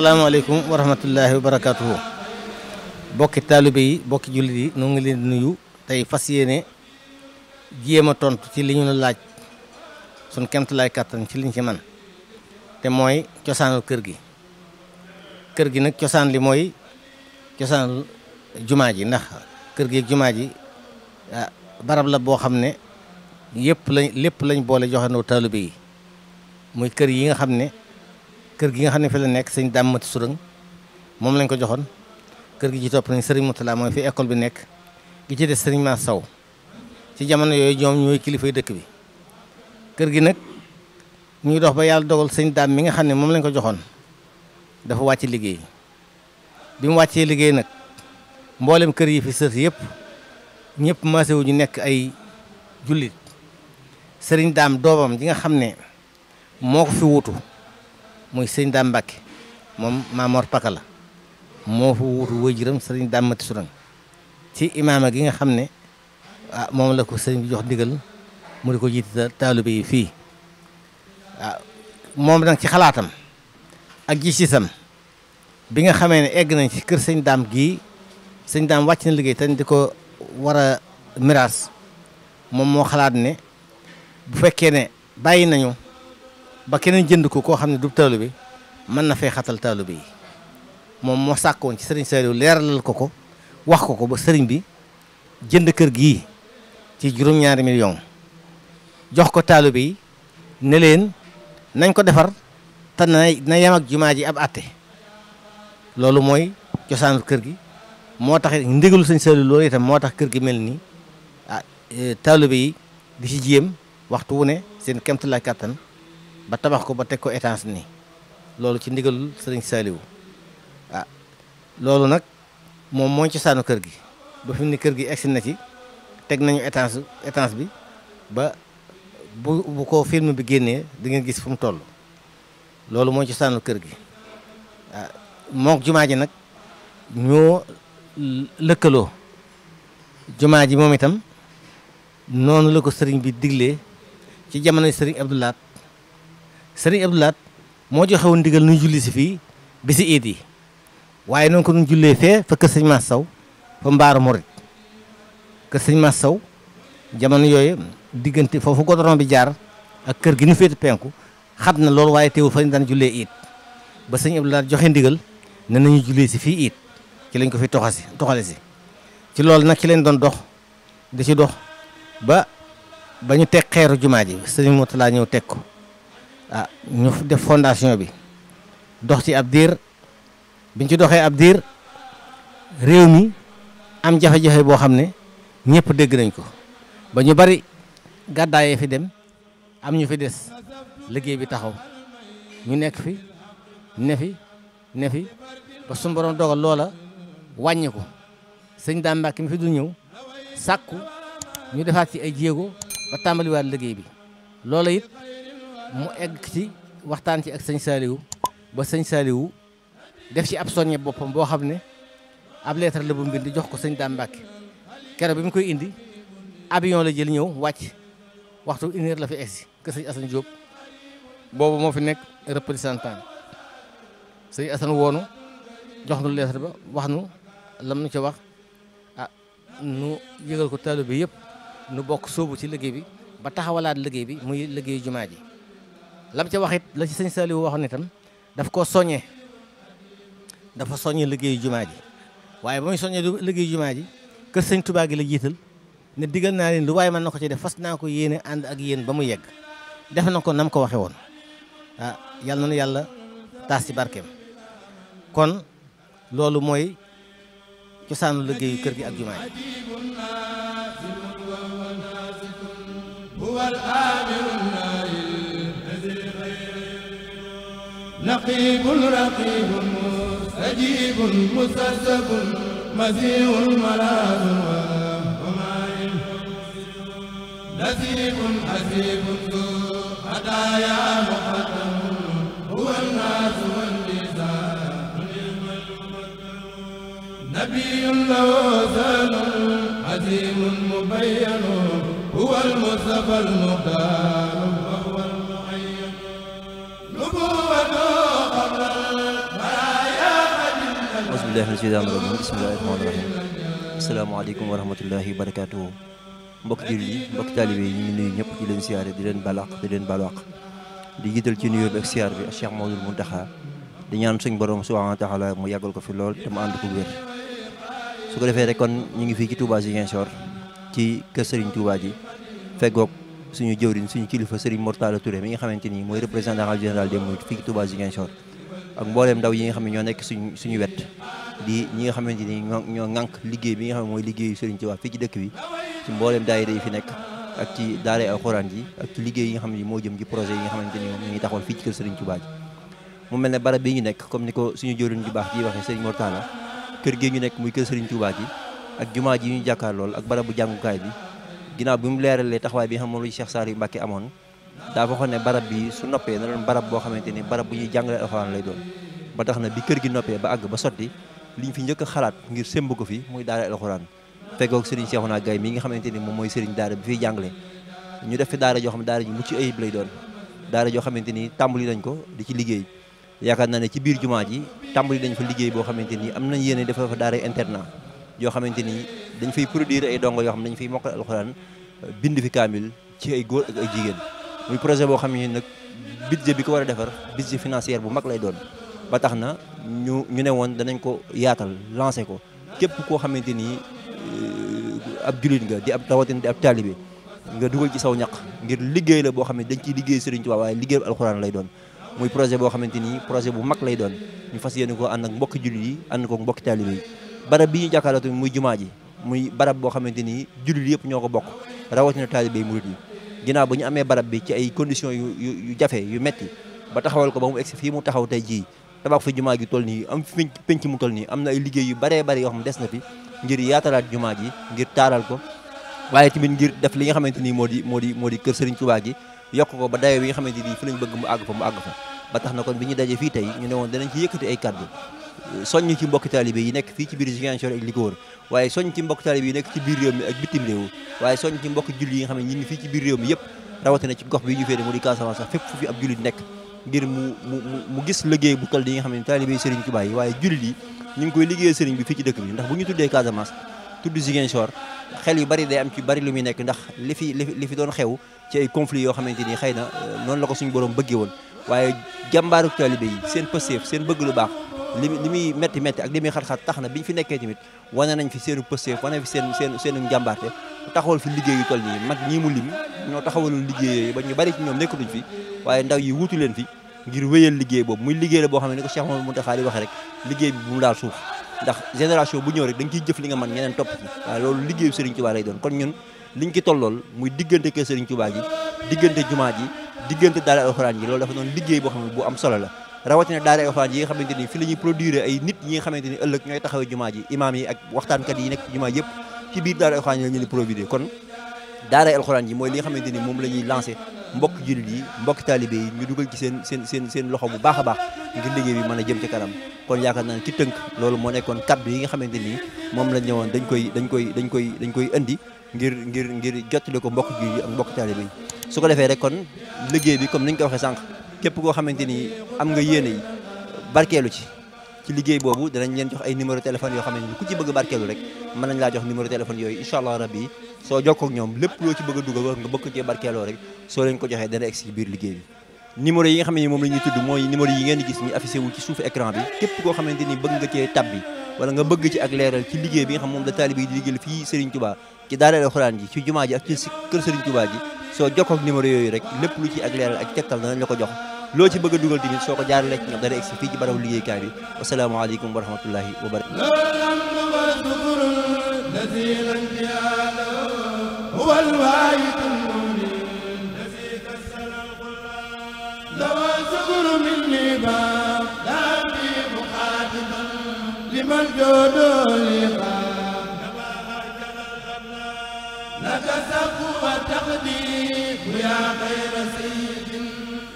asalaamaaleykum wa rahmatullahi wa barakaatuhu bokki taalibe yi bokki jullit yi nu ngi leen nuyu tey fas yéene jéem a tontu ci li ñu la laaj sun kemtalaay kàttan ci liñ ci man te mooy cosaanul kër gi kër gi nag cosaan li mooy cosaanul jumaa ji ndax kër gi ak jumaa ji ah, barab la boo xam ne yëpp lañ lépp lañ boole joxe joxandoo taalibe yi muy kër yi nga xam ne kër gi nga xam ne fi la nekk sëñ Dame Mati Sourang moom lañ ko joxoon kër gi ci topp nañ sëriñ Moutala mooy fi ekol bi nekk gi ci des Serigne Mass Sow ci jamono yooyu ñoom ñooy kilifay dëkk bi kër gi nag ñuy dox ba yàlla dogal sëñ Dame mi nga xam ne moom lañ ko joxoon dafa wàcc liggéey bi wàccee liggéey nag mboolem kër yi fi sës yëpp ñëpp maase wu ñu nekk ay jullit Serigne Dame doomam ji nga xam ne moo ko fi wutu muy sëñ Dame Mbacke moom Mamor Paka la moo fa wuutu waajuram sëriñ Dame Mati Sourang ci imaama gi nga xam ne ah moom la ko sëriñ jox ndigal mu di ko jiite taalibe yi fii ah moom nag ci xalaatam ak gis-gisam bi nga xamee ne egg nañ ci kër sëñ Dame gii sëñ Dame wàcc na liggéey tañ di ko war a miraas moom moo xalaat ne bu fekkee ne bàyyi nañu. ba keneen jënd ko koo xam ne du taalibe bi mën na fee xatal taalibe yi moom moo sàkkoon ci sëriñ Saliou leeralal ko ko wax ko ko ba sëriñ bi jënd kër gi ci juróom-ñaari million jox ko taalibe yi ne leen nañ ko defar te na na yem ak jumaa ji ab atte loolu mooy cosaanu kër gi moo tax ndigalu sëñ Saliou loolu itam moo tax kër gi mel nii ah eh, taalibe yi di ci jéem waxtu wu ne seen kemtalaay kàttan ba tabax ko ba teg ko étanche nii loolu ci ndigalul sëriñ Saliou ah loolu nag moom mooñ ci saanu kër gi ba fi kër gi egsi na ci teg nañu étanche étanche bi ba bu bu ko film bi génnee di ngeen gis fu mu toll loolu mooñ ci saanu kër gi ah mook jumaa ji nag ñoo lëkkaloo jumaa ji moom itam noonu la ko sëriñ bi digle ci jamonoy sëriñ Abdou sëriñ Abdou moo joxe ndigal nu julli si fii bi si iit yi waaye noonu ko nu jullee fee fa kër sëñ Mass Sow fa mbaaru morit kër sëñ Mass Sow jamono yooyu diggante foofu godoron bi jaar ak kër gi ñu féete penku xat na loolu waaye teewul fa ñu daan jullee iit ba sëñ Abdou Lahad joxe ndigal ne nañu jullee si fii iit ci lañ ko fi toxasi toxale si ci loolu nag ci leen doon dox di ci dox ba ba ñu teg xeeru jumaa ji sëñ laa ñëw teg ko ah ñu def fondation bi dox ci ab diir biñ ci doxee ab diir réew mi am jafe-jafe boo xam ne ñëpp dégg nañ ko ba ñu bari gàddaayee fi dem am ñu fi des liggéey bi taxaw ñu nekk fi ne fi ne fi ba suñu borom loola wàññi ko sëñ Daam Mbàkke mi fi du ñëw sàkku ñu defaat ci ay jéego ba tàmbaliwaat liggéey bi loola it mu egg ci waxtaan ci ak sëñ Saliou ba sëñ Saliou def ci ab soññe boppam boo xam ne ab lettre la bu mbind jox ko sëñ Dame Mbacke keroog bi mu koy indi abiyon la jël ñëw wàcc waxtu une la fi egsi que sëñ Assane jóob boobu moo fi nekk représentant sëñ Assane woonu jox nu lettre ba wax nu lam nu ci wax ah nu yëgal ko taalibe bi yëpp nu bokk sóobu ci liggéey bi ba taxawalaat liggéey bi muy liggéey jumaa ji lam ca wax it la ci sëñ Saliou waxoon itam daf koo soññee dafa soññee liggéeyu jumaa ji waaye ba muy soññee liggéeyu jumaa ji kër sëñ Touba gi la jiital ne digal naa leen lu waaye mën na ko ci def fas naa ko yéene ànd ak yéen ba mu yegg def na ko nam ko waxe woon ah yàlla na yàlla taas ci barkeem kon loolu mooy cosaanu liggéeyu kër gi ak jumaa ji رقيب رقيب مستجيب مسرسب مزيع ملاذ ومائل نسيب حسيب ذو هدايا مقدم هو الناس والنساء نبي له زال عزيم مبين هو المصطفى المختار billahi mina sheytaani rajim bismillahi rahmaani rahim asalaamaaleykum wa mbokk yi mbokk taalibe yi ñëpp di leen siyaare di leen balaq di leen balaq di jiital ci nuyoo bi ak siyaar bi ak Cheikh Mawlul suñ borom subhaanahu wa taala mu ko fi lool te mu su ko defee rek kon ñu ngi fii ci Touba Ziguinchor ci kër Serigne Touba ji feggoog suñu jëwriñ suñu kilifa Serigne Mortala Touré mi nga xamante ni mooy représentant général des Mourides fii ci Touba Ziguinchor ak mbooleem ndaw yi nga xam ne ñoo nekk suñu suñu wet di ñi nga xamante ni ñoo ñoo ŋànk liggéey bi nga xam ne mooy liggéey Sëriñ Tuubaa fii ci dëkk bi ci mbooleem daayira yi fi nekk ak ci daare alxuraan ji ak ci liggéey yi xam ne moo jëm ji projet yi nga xamante ni ñu ngi taxawal fii ci kër ji ne barab bi ñu nekk comme ni ko suñu jëriñ ju baax ji waxee Sëriñ Mortala kër gi ñu nekk muy kër Sëriñ Tuubaa ji ak jumaa ji ñu jàkkaar lool ak barabu jàngukaay bi ginnaaw bi mu leeralee taxawaay bi nga xam moom la Cheikh Saliou Mbacké amoon daa waxoon ne barab bi su noppee na doon barab boo xamante ni barab bu ñuy jàngalee alxuraan lay doon ba tax na bi kër gi noppee ba àgg ba sotti liñ fi njëkk xalaat ngir sémb ko fi muy daara alxuraan fekkoog Serigne Cheikhouna Gaye mi nga xamante ni moom mooy Serigne daara bi fiy jàngale ñu def fi daara joo xam ne daara ji mucc ayib lay doon daara joo xamante ni tàmbali nañ ko di ci liggéey yaakaar naa ne ci biir jumaa ji tàmbali nañ fa liggéey boo xamante ni am nañ yéene dafa fa daara internat yoo ni dañ fay produire ay dongo yoo xam ne dañ fiy mokkal alxuraan bind fi kaamil ci ay góor ak ay jigéen muy projet boo xam ne nag budget bi ko war a defar budget financière bu mag lay doon ba tax na ñu ñu ne woon danañ ko yaatal lancé ko képp koo xamante ni euh, ab jullit nga di ab rawatina di ab taalibe nga dugal ci saw ñaq ngir liggéey la boo xam ne dañ ciy liggéey Serigne Touba waaye liggéey alxuraan lay doon muy projet boo xamante ni projet bu mag lay doon ñu fas yéene ko ànd ak mbokki jullit yi ànd ko mbokki taalibe yi barab bi ñu jàkkaarloo muy jumaa ji muy bara boo xamante ni jullit yëpp ñoo ko bokk rawatina taalibe yi murit yi ginnaaw ba ñu amee barab bi ci ay conditions yu yu jafe yu metti ba taxawal ko ba mu egsi fii mu taxaw tey jii tabax fi jumaa ji toll nii am fi penc mu toll nii am na ay liggéey yu baree bari yoo xam ne des na fi ngir yaatalaat jumaa ji ngir taaral ko waaye tamit ngir def li nga xamante nii moo di moo di moo di kër Serigne Touba gi yokk ko ba dayo bi nga xamante nii fi lañ bëgg mu àgg fa mu àgg fa ba tax na kon bi ñu dajee fii tey ñu ne woon danañ ci yëkkati ay kàddu soñ ci mbokki taalibe yi nekk fii ci biir Ziguinchor ak li ko wër waaye soññ ci mbokki taalibe yi nekk ci biir réew mi ak bitim réew waaye soññ ci mbokki julli yi nga xam ne ñun fii ci biir réew mi yëpp rawatina ci gox bi ñu féete mu di Casamance sax fépp fu fi ab jullit nekk ngir mu mu gis liggéey bu toll di nga xam ne taalibe Serigne Touba yi waaye jullit yi ñu ngi koy liggéey Serigne bi fii ci dëkk bi ndax bu ñu tuddee Casamance tudd Ziguinchor xel yu bari day am ci bari lu muy nekk ndax li fi li fi doon xew ci ay conflits yoo xamante ni xëy na noonu la ko suñu borom bëggee waaye jàmbaaru taalibe yi seen pëseef seen bëgg lu baax li li muy métti ak li muy xat-xat tax na biñ fi nekkee tamit wane nañ fi seenu pëseef wane fi seen seen seenu jàmbaarte taxawal fi liggéey yu toll nii mag ñii mu lim ñoo taxawalul liggéey ba ñu bari ci ñoom nekkatuñ fi waaye ndaw yi wuutu leen fi ngir wéyal liggéey boobu muy liggéey la boo xam ne ni ko Cheikh Mamadou Mountakha di waxee rek liggéey bi bu mu daal suuf ndax bu ñëw rek ciy jëf li nga mën ñeneen topp ci waaye loolu liggéeyu Serigne Touba lay doon kon ñun liñ ci tollool muy diggante kër Serigne Touba gi diggante jumaa ji diggante daara alxuraan ji loolu dafa doon liggéey boo xam ne bu am solo la rawatina daara alxuraan yi nga xamante ni fi la ñuy produire ay nit ñi nga xamante ni ëllëg ñooy taxawee jumaa ji imaam yi ak waxtaankat yi nekk jumaa yëpp ci biir daara alxuraan yi la produire kon daara alxuraan ji mooy li nga xamante ni moom la ñuy lancé mbokk jullit yi mbokk taalibe yi ñu dugal ci seen seen seen seen loxo bu baax a baax ngir liggéey bi mën a jëm ci kanam kon yaakaa naa ne ci tënk loolu moo nekkoon kaddu yi xamante ni moom lañ ñëwoon dañ koy dañ koy dañ koy dañ koy indi ngir ngir ngir jottali ko mbokk jullit yi ak mbokk taalibe su ko defee rek kon liggéey bi comme ni ko waxee sànq képp koo xamante ni am nga yéene yi barkeelu ci ci liggéey boobu danañ leen jox ay numéro téléphone yoo laa jox numéro téléphone yooyu incha allah rabbi soo jokkoo ak ñoom lépp loo ci bëgg a dugal nga bëgg cee barkeeloo rek soo leen ko joxee dana egg si liggéey bi numéro yi nga xam ne moom la ñuy tudd mooy numéro yi ngeen di gis ñu affiché wu ci suufu écran bi képp koo xamante bëgg nga cee tab bi wala nga bëgg ci ak leeral ci liggéey soo jokkoo ak numéro yooyu rek lépp lu ci ak leeral ak tegtal danañ la ko jox loo ci bëgg a dugal tamit soo ko jaaralee ci ñoom dana egsi fii ci barabu liggéeykaay bi wasalaamaaleykum wa rahmatullahi wa barakaatuh من جدولي ويا خير سيد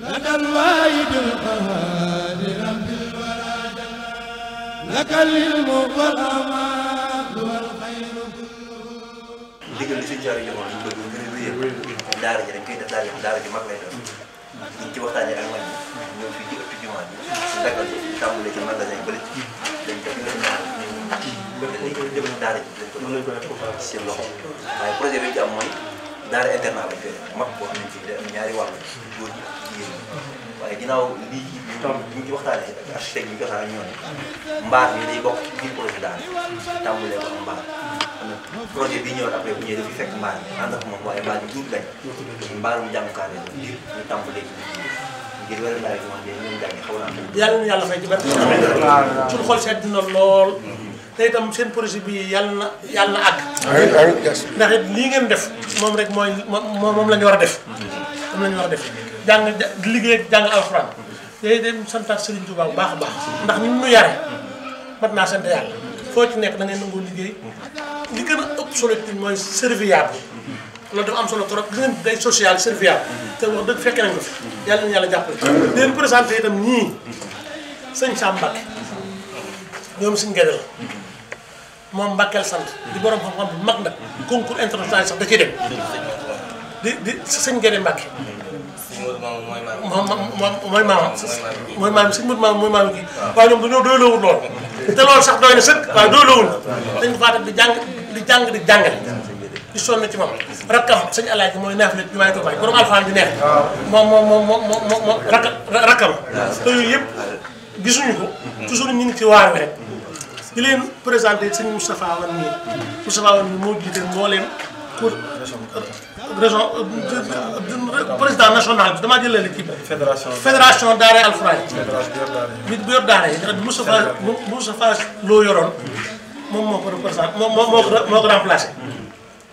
لك الوايد القهار رب الورى جل لك العلم والأمان والخير كله ndigal li si jaar yi wax bëgg ngir wéyal daara ji dañ koy def daara ji daara ji mag lay def ñu ci waxtaanee ak mag ñi ñoo fii ci ëttu jumaa bi su dagal tàmbalee ci magasin bële dañ def ngeen ñaar ñun dañ ko jëm daara ji dañ ko def seen loxo waaye projet bi ci am mooy daara internat lañ koy def mag boo xam ne fii day am ñaari wàll góor ñi ak jigéen ñi waaye ginnaaw ñoo ne mbaar bi day bokk ci biir projet daara tàmbalee ko am mbaar projet bi ñëw après bu ñëwee dafay fekk mbaar bi ànd ak moom waaye mbaar bi duut lañ mbaarum jàngukaay la ngir ñu tàmbalee ngir wéral laay bi moom de ñoom jàngi xaw naa yàlla na yàlla fay ci benn suñu xol sedd na lool tey tam seen projet bii yàlla na yàlla na àgg. ndax lii ngeen def moom rek mooy moom la ñu war a def. moom la ñu war a def jàng liggéey ak jàng alxuraan. yooyu dem santaat Serigne Touba bu baax a baax ndax ni mu yare mat naa sant yàlla foo ci nekk da ngay nangoo liggéey li ëpp solo ci mooy serviable loolu am solo trop gis social serviable te wax dëgg fekke ko fi yàlla na yàlla jàppale leen présenté itam ñii sëñ Sam Mbacké ñoom suñ gede moom Mbàkkeel sant di borom xam-xam bu mag nag da ciy dem di di sëñ Guèye Mbàkke moom moom mooy maamam mooy maam sëñ Modou maam mooy maam kii waaw ñoom dañoo doy loowul lool te loolu sax doy na sëkk waaw doy di jàng di jàng di jàngale di sonn ci moom rakkam sëñ Alaaji mooy naaf la bi maay ko bàyyi borom alfaan di neex moom moom moom moom moom moom rakk rakkam yooyu yëpp gisuñu ko toujours ñu ngi ci waar rek di leen présenté sëñ Moustapha Wane mii Moustapha Wane mii moo jiite mbooleem pour région euh, euh, président national bi damaa jëlee l'équipe fédération fédération Daara Alfuraay bi bu yor Daara yi Moustapha Moustapha loo yoroon moom moo ko représenté moom moo ko moo ko remplacé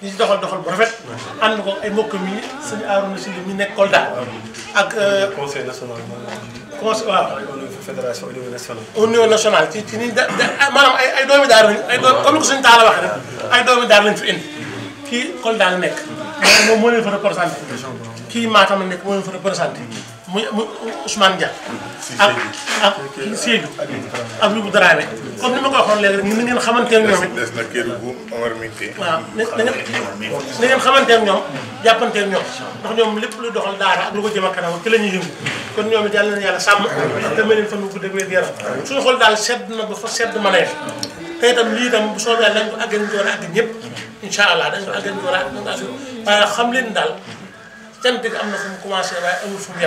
ñu ci doxal doxal bu rafet ànd ko ay mbokk mi sëñ Arouna si li mi nekk Kolda ak euh, conseil national conseil waaw fédération au niveau national. au niveau national ci da ah, maanaam ay ay doomi daara ay doom comme ni kii Kolda la nekk. moom moo leen fa représenté. kii Matam la nekk moo leen fa représenté. mu mu Ousmane Dia. ak ak Seydou ak Loubou Dramé comme ni ma ko waxoon léegi rek ni ngeen xamante ak ñoom it. des na kër bu Omar Minté. waaw na ñoom jàppante ñoom lépp lu doxal daara ak lu ko jëm a kanam ci la ñuy yëngu kon ñoom it yàlla na yàlla sàmm te mel daal sedd na ba fa sedd ma neex te itam lii itam bu soobee dañ ko àggal ñu war a àgg ñëpp incha allah dañ ko àggal ñu war a àgg waaye xam leen daal cant bi am na fu mu commencé waaye amul fu mu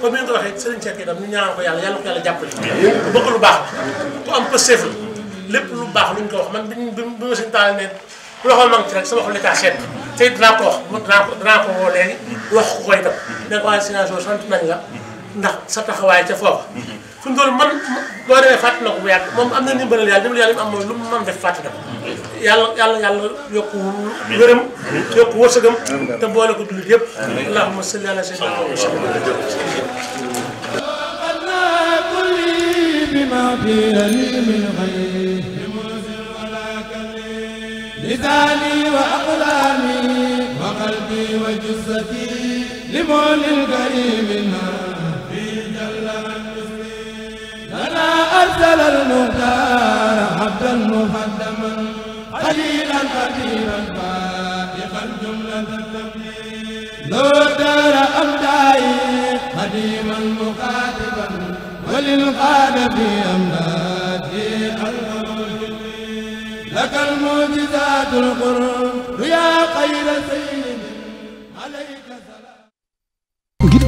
comme ni nga ko waxee Serigne Cheikh itam ñu ñaan ko yàlla yàlla ko yàlla jàppale. bu bëgg lu baax la ku am pësteef la lépp lu baax luñ ko wax man bi bi ma sëñ Talla ne ku loxo manqué rek sama xol li kaa seet dinaa ko wax dinaa ko dinaa ko woo léegi wax ko koy itam ne ko waa Sénégal sant nañ la ndax sa taxawaay ca foofa fu mu toll man boo demee fàtte na ko bu yàgg moom am na ndimbalal yàlla ndimbalal yàlla li mu am mooy lu mu mën def fàtte na ko yàlla yàlla yàlla yokku wéram yokku wërsëgam te boole ko jullit yëpp allahumma salli ala sayyidina Muhammad لساني وأقلامي وقلبي وجثتي لمولى الكريم النار أرسل المختار عبدا مخدما خليلا قديما فائقا جملة التكليف لو دار أمدائي قديما مخاطبا وللقاد في أمدادي أرغب لك المعجزات القرب يا خير سيد